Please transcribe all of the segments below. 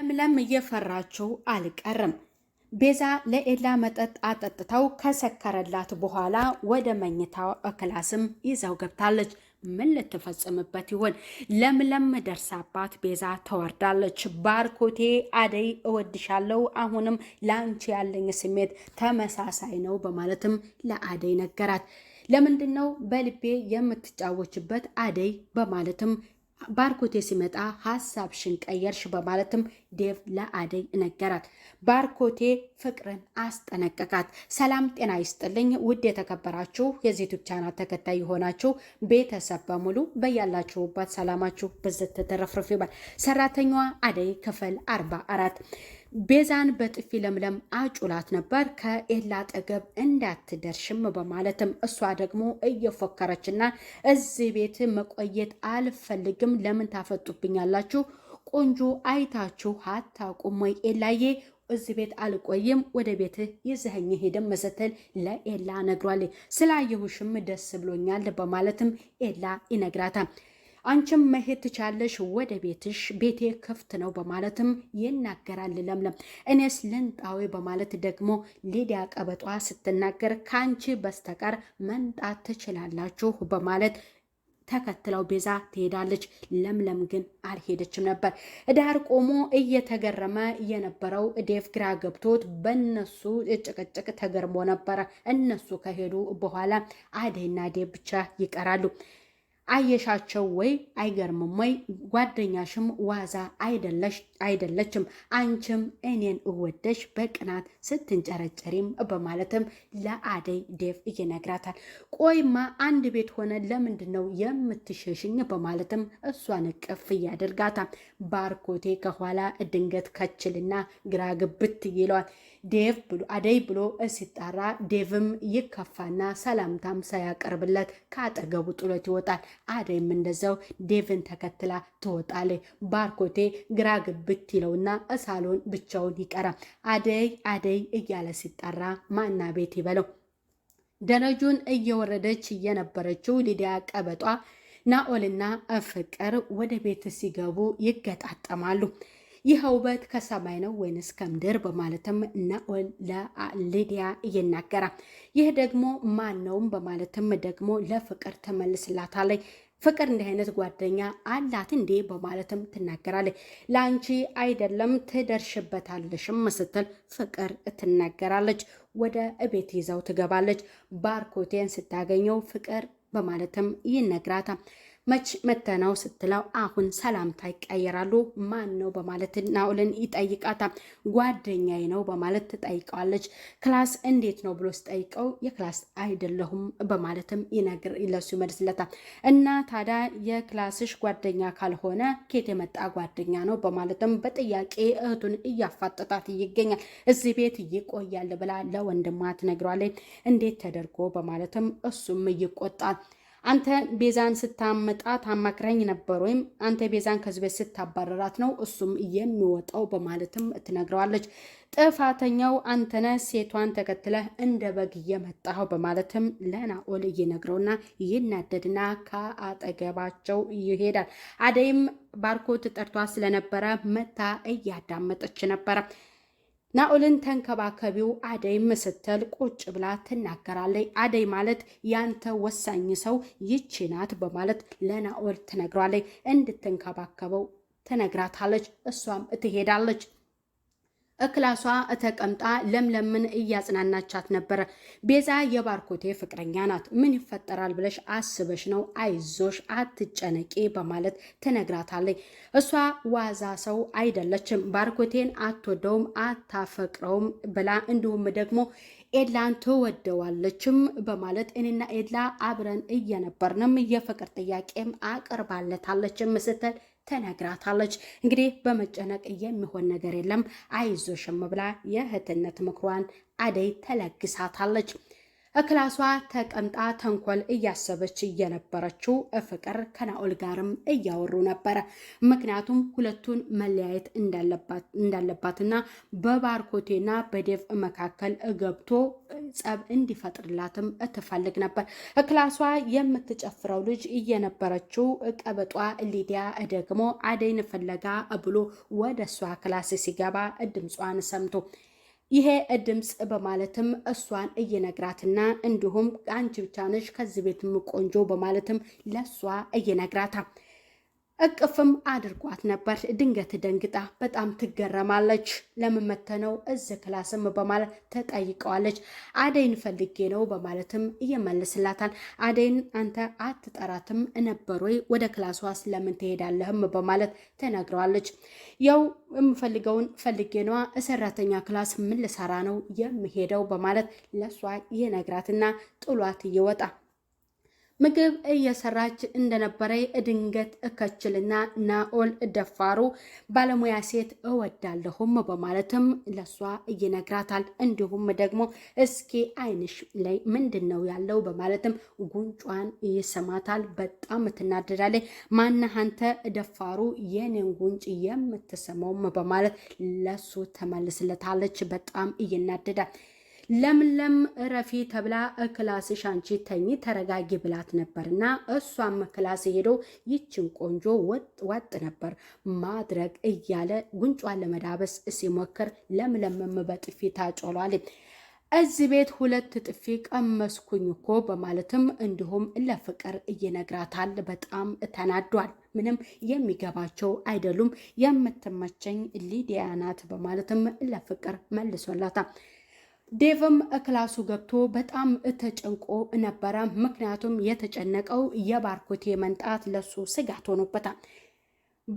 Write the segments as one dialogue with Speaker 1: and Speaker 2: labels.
Speaker 1: ለምለም እየፈራችው አልቀርም። ቤዛ ለኤላ መጠጥ አጠጥተው ከሰከረላት በኋላ ወደ መኝታ ክላስም ይዘው ገብታለች። ምን ልትፈጽምበት ይሆን? ለምለም ደርሳባት ቤዛ ተወርዳለች። ባርኮቴ አደይ እወድሻለሁ፣ አሁንም ለአንቺ ያለኝ ስሜት ተመሳሳይ ነው በማለትም ለአደይ ነገራት። ለምንድን ነው በልቤ የምትጫወችበት አደይ በማለትም ባርኮቴ ሲመጣ ሀሳብሽን ቀየርሽ በማለትም ዴቭ ለአደይ ነገራት። ባርኮቴ ፍቅርን አስጠነቀቃት። ሰላም ጤና ይስጥልኝ ውድ የተከበራችሁ የዩቲዩብ ቻናል ተከታይ የሆናችሁ ቤተሰብ በሙሉ በያላችሁበት ሰላማችሁ ብዝት ተረፍርፍ ይባል። ሰራተኛዋ አደይ ክፍል አርባ አራት ቤዛን በጥፊ ለምለም አጩላት ነበር። ከኤላ አጠገብ እንዳትደርሽም በማለትም እሷ ደግሞ እየፎከረችና እዚህ ቤት መቆየት አልፈልግም፣ ለምን ታፈጡብኛላችሁ? ቆንጆ አይታችሁ አታውቁም ወይ? ኤላዬ እዚህ ቤት አልቆይም፣ ወደ ቤትህ ይዘኸኝ ሄደም መሰተል ለኤላ ነግሯል። ስላየሁሽም ደስ ብሎኛል በማለትም ኤላ ይነግራታል። አንቺም መሄድ ትቻለሽ ወደ ቤትሽ፣ ቤቴ ክፍት ነው በማለትም ይናገራል ለምለም። እኔስ ልንጣዊ በማለት ደግሞ ሊዲያ ቀበጧ ስትናገር ከአንቺ በስተቀር መንጣት ትችላላችሁ በማለት ተከትለው ቤዛ ትሄዳለች። ለምለም ግን አልሄደችም ነበር። ዳር ቆሞ እየተገረመ የነበረው ዴፍ ግራ ገብቶት በእነሱ ጭቅጭቅ ተገርሞ ነበረ። እነሱ ከሄዱ በኋላ አደይና ዴቭ ብቻ ይቀራሉ። አየሻቸው ወይ? አይገርምም ወይ? ጓደኛሽም ዋዛ አይደለችም። አንቺም እኔን እወደሽ በቅናት ስትንጨረጨሪም በማለትም ለአደይ ዴፍ ይነግራታል። ቆይማ አንድ ቤት ሆነ ለምንድን ነው የምትሸሽኝ? በማለትም እሷን እቅፍ እያደርጋታል። ባርኮቴ ከኋላ ድንገት ከችልና ግራግብት ይለዋል። ዴቭ አደይ ብሎ ሲጣራ ዴቭም ይከፋና ሰላምታም ሳያቀርብለት ከአጠገቡ ጥሎት ይወጣል። አደይም እንደዛው ዴቭን ተከትላ ትወጣለች። ባርኮቴ ግራ ግብት ይለውና እሳሎን ብቻውን ይቀራል። አደይ አደይ እያለ ሲጠራ ማና ቤት ይበለው። ደረጁን እየወረደች የነበረችው ሊዲያ ቀበጧ ናኦልና ፍቅር ወደ ቤት ሲገቡ ይገጣጠማሉ። ይህ ውበት ከሰማይ ነው ወይንስ ከምድር በማለትም ናኦል ለሊዲያ እየናገራ ይህ ደግሞ ማን ነውም በማለትም ደግሞ ለፍቅር ትመልስላታለች። ፍቅር እንዲህ አይነት ጓደኛ አላት እንዴ በማለትም ትናገራለች። ለአንቺ አይደለም ትደርሽበታለሽም ስትል ፍቅር ትናገራለች። ወደ እቤት ይዘው ትገባለች። ባርኮቴን ስታገኘው ፍቅር በማለትም ይነግራታል። መች መተናው ስትለው አሁን ሰላምታ ይቀየራሉ። ማን ነው በማለት ናኦልን ይጠይቃታል። ጓደኛዬ ነው በማለት ትጠይቀዋለች። ክላስ እንዴት ነው ብሎ ስጠይቀው የክላስ አይደለሁም በማለትም ይነግር ይለሱ ይመልስለታል። እና ታዲያ የክላስሽ ጓደኛ ካልሆነ ኬት የመጣ ጓደኛ ነው በማለትም በጥያቄ እህቱን እያፋጠጣት ይገኛል። እዚህ ቤት ይቆያል ብላ ለወንድማ ትነግሯለ እንዴት ተደርጎ በማለትም እሱም ይቆጣል። አንተ ቤዛን ስታመጣ ታማክረኝ ነበር ወይም አንተ ቤዛን ከዚህ ቤት ስታባረራት ነው እሱም የሚወጣው በማለትም ትነግረዋለች። ጥፋተኛው አንተነ ሴቷን ተከትለህ እንደ በግ የመጣኸው በማለትም ለናኦል እየነግረውና ይናደድና ከአጠገባቸው ይሄዳል። አደይም ባርኮት ጠርቷ ስለነበረ መታ እያዳመጠች ነበረ። ናኦልን ተንከባከቢው አደይም ስትል ቁጭ ብላ ትናገራለች። አደይ ማለት ያንተ ወሳኝ ሰው ይቺ ናት በማለት ለናኦል ትነግሯለች። እንድትንከባከበው ትነግራታለች። እሷም ትሄዳለች። እክላሷ ተቀምጣ ለምለምን እያጽናናቻት ነበር። ቤዛ የባርኮቴ ፍቅረኛ ናት። ምን ይፈጠራል ብለሽ አስበሽ ነው? አይዞሽ፣ አትጨነቂ በማለት ትነግራታለች። እሷ ዋዛ ሰው አይደለችም። ባርኮቴን አትወደውም፣ አታፈቅረውም ብላ እንዲሁም ደግሞ ኤላን ትወደዋለችም በማለት እኔና ኤላ አብረን እየነበርንም የፍቅር ጥያቄም አቅርባለታለችም ስትል ተነግራታለች። እንግዲህ በመጨነቅ የሚሆን ነገር የለም አይዞሽም ብላ የእህትነት ምክሯን አደይ ተለግሳታለች። እክላሷ ተቀምጣ ተንኮል እያሰበች እየነበረችው ፍቅር ከናኦል ጋርም እያወሩ ነበረ። ምክንያቱም ሁለቱን መለያየት እንዳለባትና በባርኮቴና በዴቭ መካከል ገብቶ ጸብ እንዲፈጥርላትም እትፈልግ ነበር። እክላሷ የምትጨፍረው ልጅ እየነበረችው ቀበጧ ሊዲያ ደግሞ አደይን ፍለጋ ብሎ ወደ እሷ ክላስ ሲገባ ድምጿን ሰምቶ ይሄ ድምፅ በማለትም እሷን እየነግራትና እንዲሁም አንቺ ብቻ ነሽ ከዚህ ቤትም ቆንጆ በማለትም ለእሷ እየነግራታ እቅፍም አድርጓት ነበር። ድንገት ደንግጣ በጣም ትገረማለች። ለምመተነው እዝ ክላስም በማለት ተጠይቀዋለች። አደይን ፈልጌ ነው በማለትም እየመልስላታል። አደይን አንተ አትጠራትም ነበር ወይ ወደ ክላሷስ ለምን ትሄዳለህም በማለት ተነግረዋለች። ያው የምፈልገውን ፈልጌ ነዋ ሰራተኛ ክላስ ምን ልሰራ ነው የምሄደው በማለት ለሷ ይነግራትና ጥሏት እየወጣ ምግብ እየሰራች እንደነበረ ድንገት ከችልና ናኦል ደፋሩ ባለሙያ ሴት እወዳለሁም በማለትም ለሷ ይነግራታል። እንዲሁም ደግሞ እስኪ አይንሽ ላይ ምንድን ነው ያለው በማለትም ጉንጯን ይሰማታል በጣም ትናደዳለች። ማነህ አንተ ደፋሩ የኔን ጉንጭ የምትስመውም በማለት ለሱ ተመልስለታለች። በጣም ይናደዳል። ለምለም እረፊ ተብላ ክላስሽ አንቺ ተኝ ተረጋጊ ብላት ነበር እና እሷም ክላስ ሄዶ ይችን ቆንጆ ወጥ ወጥ ነበር ማድረግ እያለ ጉንጯን ለመዳበስ ሲሞክር ለምለምም በጥፊ ታጮሏል። እዚህ ቤት ሁለት ጥፊ ቀመስኩኝ እኮ በማለትም እንዲሁም ለፍቅር ይነግራታል። በጣም ተናዷል። ምንም የሚገባቸው አይደሉም። የምትመቸኝ ሊዲያ ናት በማለትም ለፍቅር መልሶላታል። ዴቭም ክላሱ ገብቶ በጣም ተጨንቆ ነበረ። ምክንያቱም የተጨነቀው የባርኮቴ መንጣት ለሱ ስጋት ሆኖበታል።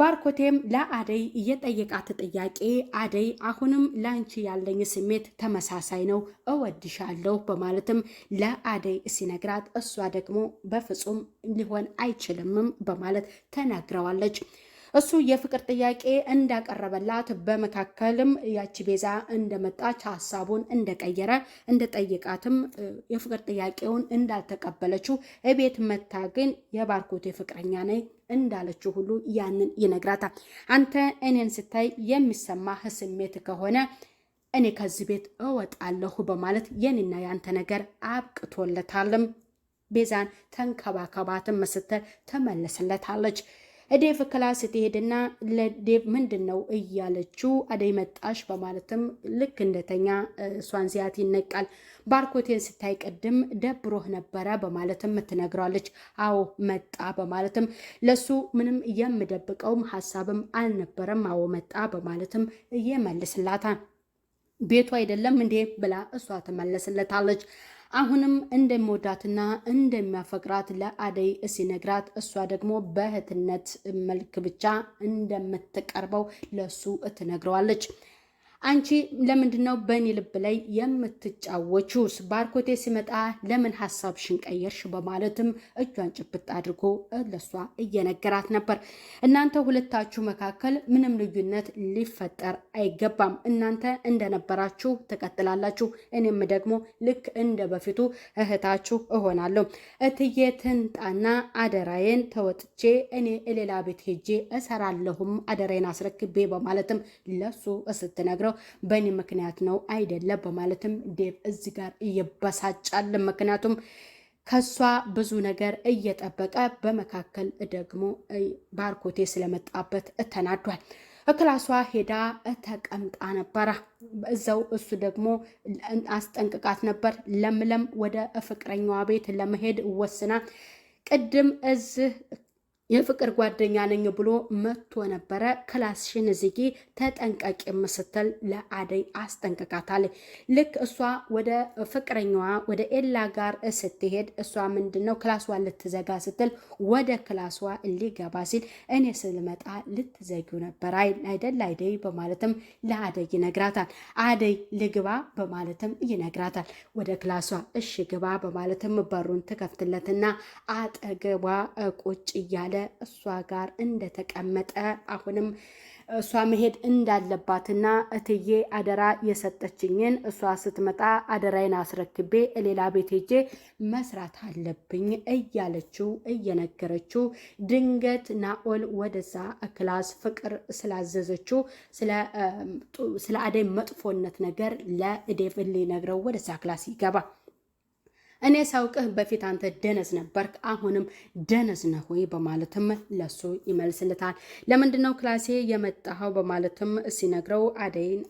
Speaker 1: ባርኮቴም ለአደይ እየጠየቃት ጥያቄ አደይ አሁንም ለአንቺ ያለኝ ስሜት ተመሳሳይ ነው፣ እወድሻለሁ በማለትም ለአደይ ሲነግራት እሷ ደግሞ በፍጹም ሊሆን አይችልምም በማለት ተናግረዋለች። እሱ የፍቅር ጥያቄ እንዳቀረበላት በመካከልም ያቺ ቤዛ እንደመጣች ሀሳቡን እንደቀየረ እንደጠየቃትም የፍቅር ጥያቄውን እንዳልተቀበለችው እቤት መታ ግን የባርኮቴ ፍቅረኛ ነኝ እንዳለችው ሁሉ ያንን ይነግራታል። አንተ እኔን ስታይ የሚሰማህ ስሜት ከሆነ እኔ ከዚህ ቤት እወጣለሁ በማለት የኔና ያንተ ነገር አብቅቶለታልም። ቤዛን ተንከባከባትም ስትል ትመልስለታለች። ዴቭ ክላስ ስትሄድና ለዴቭ ምንድን ነው እያለችው አደይ መጣሽ በማለትም ልክ እንደተኛ እሷን ሲያት ይነቃል። ባርኮቴን ስታይ ቅድም ደብሮህ ነበረ በማለትም ትነግረዋለች። አዎ መጣ በማለትም ለሱ ምንም የምደብቀውም ሀሳብም አልነበረም። አዎ መጣ በማለትም እየመልስላታል። ቤቱ አይደለም እንዴ ብላ እሷ ትመለስለታለች። አሁንም እንደሚወዳትና እንደሚያፈቅራት ለአደይ ሲነግራት እሷ ደግሞ በእህትነት መልክ ብቻ እንደምትቀርበው ለሱ ትነግረዋለች። አንቺ ለምንድን ነው በእኔ ልብ ላይ የምትጫወቹስ? ባርኮቴ ሲመጣ ለምን ሀሳብሽን ቀየርሽ? በማለትም እጇን ጭብጥ አድርጎ ለሷ እየነገራት ነበር። እናንተ ሁለታችሁ መካከል ምንም ልዩነት ሊፈጠር አይገባም። እናንተ እንደነበራችሁ ትቀጥላላችሁ። እኔም ደግሞ ልክ እንደ በፊቱ እህታችሁ እሆናለሁ። እትዬ ትንጣና አደራዬን ተወጥቼ እኔ ሌላ ቤት ሄጄ እሰራለሁም አደራዬን አስረክቤ በማለትም ለሱ ስትነግረው የነበረው በእኔ ምክንያት ነው አይደለም በማለትም ዴቭ እዚህ ጋር እየበሳጫል። ምክንያቱም ከሷ ብዙ ነገር እየጠበቀ በመካከል ደግሞ ባርኮቴ ስለመጣበት ተናዷል። ክላሷ ሄዳ ተቀምጣ ነበረ። እዛው እሱ ደግሞ አስጠንቅቃት ነበር። ለምለም ወደ ፍቅረኛዋ ቤት ለመሄድ ወስና ቅድም እዚህ የፍቅር ጓደኛ ነኝ ብሎ መጥቶ ነበረ። ክላስሽን ዝጊ ተጠንቀቂም ስትል ለአደይ አስጠንቅቃታል። ልክ እሷ ወደ ፍቅረኛዋ ወደ ኤላ ጋር ስትሄድ እሷ ምንድን ነው ክላስዋ ልትዘጋ ስትል ወደ ክላስዋ ሊገባ ሲል እኔ ስልመጣ ልትዘጊው ነበር አይደል አደይ በማለትም ለአደይ ይነግራታል። አደይ ልግባ በማለትም ይነግራታል። ወደ ክላሷ እሽ ግባ በማለትም በሩን ትከፍትለትና አጠገቧ ቁጭ እያለ እሷ ጋር እንደተቀመጠ አሁንም እሷ መሄድ እንዳለባትና እትዬ አደራ የሰጠችኝን እሷ ስትመጣ አደራይን አስረክቤ ሌላ ቤት ሄጄ መስራት አለብኝ እያለችው እየነገረችው ድንገት ናኦል ወደዛ ክላስ ፍቅር ስላዘዘችው ስለ አደይ መጥፎነት ነገር ለእዴፍ ሊነግረው ወደዛ ክላስ ይገባ እኔ ሳውቅህ በፊት አንተ ደነዝ ነበርክ፣ አሁንም ደነዝ ነህ ወይ በማለትም ለሱ ይመልስልታል። ለምንድነው ክላሴ የመጣኸው በማለትም ሲነግረው አደይን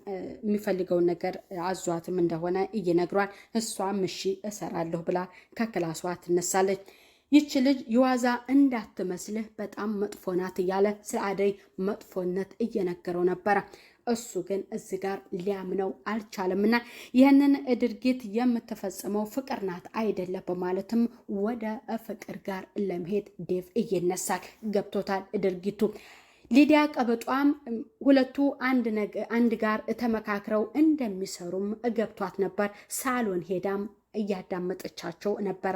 Speaker 1: የሚፈልገውን ነገር አዟትም እንደሆነ ይነግሯል። እሷም እሺ እሰራለሁ ብላ ከክላሷ ትነሳለች። ይች ልጅ የዋዛ እንዳትመስልህ በጣም መጥፎ ናት እያለ ስለ አደይ መጥፎነት እየነገረው ነበረ። እሱ ግን እዚህ ጋር ሊያምነው አልቻለምና ይህንን ድርጊት የምትፈጽመው ፍቅር ናት አይደለም በማለትም ወደ ፍቅር ጋር ለመሄድ ዴቭ እየነሳል ገብቶታል ድርጊቱ። ሊዲያ ቀበጧም ሁለቱ አንድ ጋር ተመካክረው እንደሚሰሩም ገብቷት ነበር። ሳሎን ሄዳም እያዳመጠቻቸው ነበረ።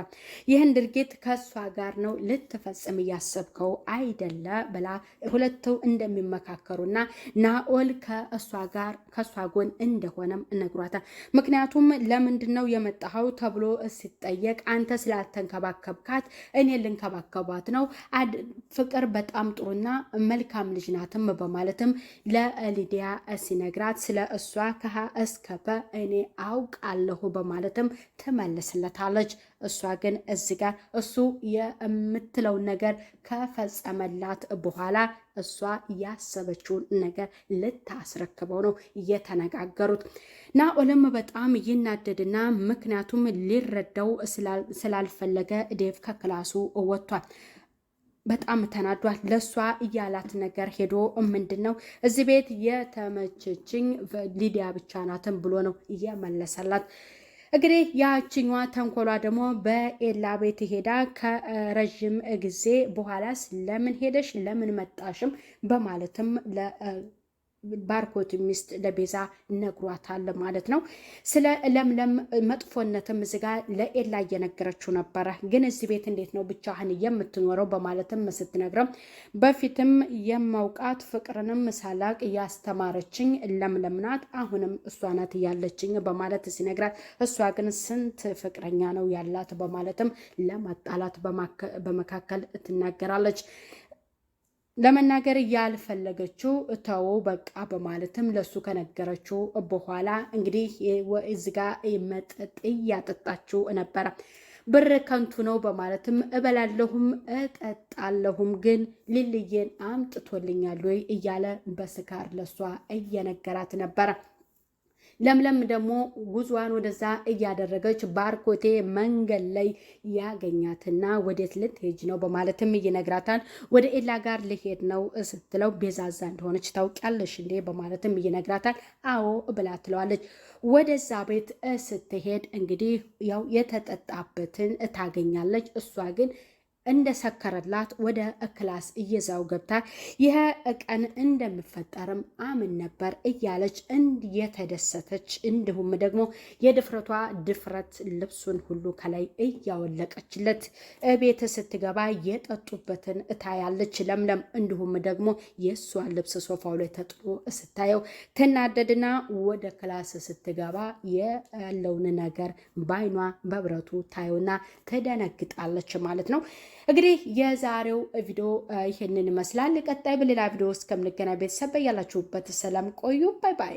Speaker 1: ይህን ድርጊት ከእሷ ጋር ነው ልትፈጽም እያሰብከው አይደለ ብላ ሁለቱ እንደሚመካከሩና ናኦል ከእሷ ጋር ከእሷ ጎን እንደሆነም ነግሯታል። ምክንያቱም ለምንድን ነው የመጣኸው ተብሎ ሲጠየቅ አንተ ስላልተንከባከብካት እኔ ልንከባከባት ነው፣ ፍቅር በጣም ጥሩና መልካም ልጅ ናትም በማለትም ለሊዲያ ሲነግራት ስለ እሷ ከሀ እስከ ፐ እኔ አውቃለሁ በማለትም ትመልስለታለች። እሷ ግን እዚህ ጋር እሱ የምትለውን ነገር ከፈጸመላት በኋላ እሷ ያሰበችውን ነገር ልታስረክበው ነው የተነጋገሩት። ናኦልም በጣም ይናደድና ምክንያቱም ሊረዳው ስላልፈለገ ዴቭ ከክላሱ ወጥቷል። በጣም ተናዷል። ለእሷ እያላት ነገር ሄዶ ምንድን ነው እዚህ ቤት የተመቸችኝ ሊዲያ ብቻ ናትን ብሎ ነው እየመለሰላት። እንግዲህ ያችኛዋ ተንኮሏ ደግሞ በኤላ ቤት ሄዳ ከረዥም ጊዜ በኋላ ለምን ሄደሽ ለምን መጣሽም በማለትም ባርኮት ሚስት ለቤዛ ነግሯታል ማለት ነው። ስለ ለምለም መጥፎነትም እዚህ ለኤላ እየነገረችው ነበረ። ግን እዚህ ቤት እንዴት ነው ብቻህን የምትኖረው በማለትም ስትነግረው በፊትም የማውቃት ፍቅርንም ሳላቅ ያስተማረችኝ ለምለም ናት፣ አሁንም እሷ ናት ያለችኝ በማለት ሲነግራት እሷ ግን ስንት ፍቅረኛ ነው ያላት በማለትም ለማጣላት በመካከል ትናገራለች። ለመናገር ያልፈለገችው ተወው በቃ በማለትም ለሱ ከነገረችው በኋላ እንግዲህ እዚጋ መጠጥ እያጠጣችው ነበረ። ብር ከንቱ ነው በማለትም እበላለሁም እጠጣለሁም ግን ሊልዬን አምጥቶልኛል ወይ እያለ በስካር ለሷ እየነገራት ነበረ። ለምለም ደግሞ ጉዟን ወደዛ እያደረገች ባርኮቴ መንገድ ላይ ያገኛትና ወዴት ልትሄጅ ነው በማለትም እየነግራታል። ወደ ኤላ ጋር ልሄድ ነው ስትለው ቤዛዛ እንደሆነች ታውቂያለሽ እንዴ በማለትም እየነግራታል። አዎ ብላ ትለዋለች። ወደዛ ቤት ስትሄድ እንግዲህ ያው የተጠጣበትን ታገኛለች። እሷ ግን እንደሰከረላት ወደ ክላስ እየዛው ገብታ ይህ ቀን እንደምፈጠርም አምን ነበር እያለች እየተደሰተች እንዲሁም ደግሞ የድፍረቷ ድፍረት ልብሱን ሁሉ ከላይ እያወለቀችለት ቤት ስትገባ የጠጡበትን እታያለች ለምለም። እንዲሁም ደግሞ የእሷ ልብስ ሶፋው ላይ ተጥሎ ስታየው ትናደድና ወደ ክላስ ስትገባ ያለውን ነገር ባይኗ በብረቱ ታየውና ትደነግጣለች ማለት ነው። እንግዲህ የዛሬው ቪዲዮ ይህንን ይመስላል። ቀጣይ በሌላ ቪዲዮ እስከምንገናኝ ቤተሰብ ያላችሁበት ሰላም ቆዩ። ባይ ባይ።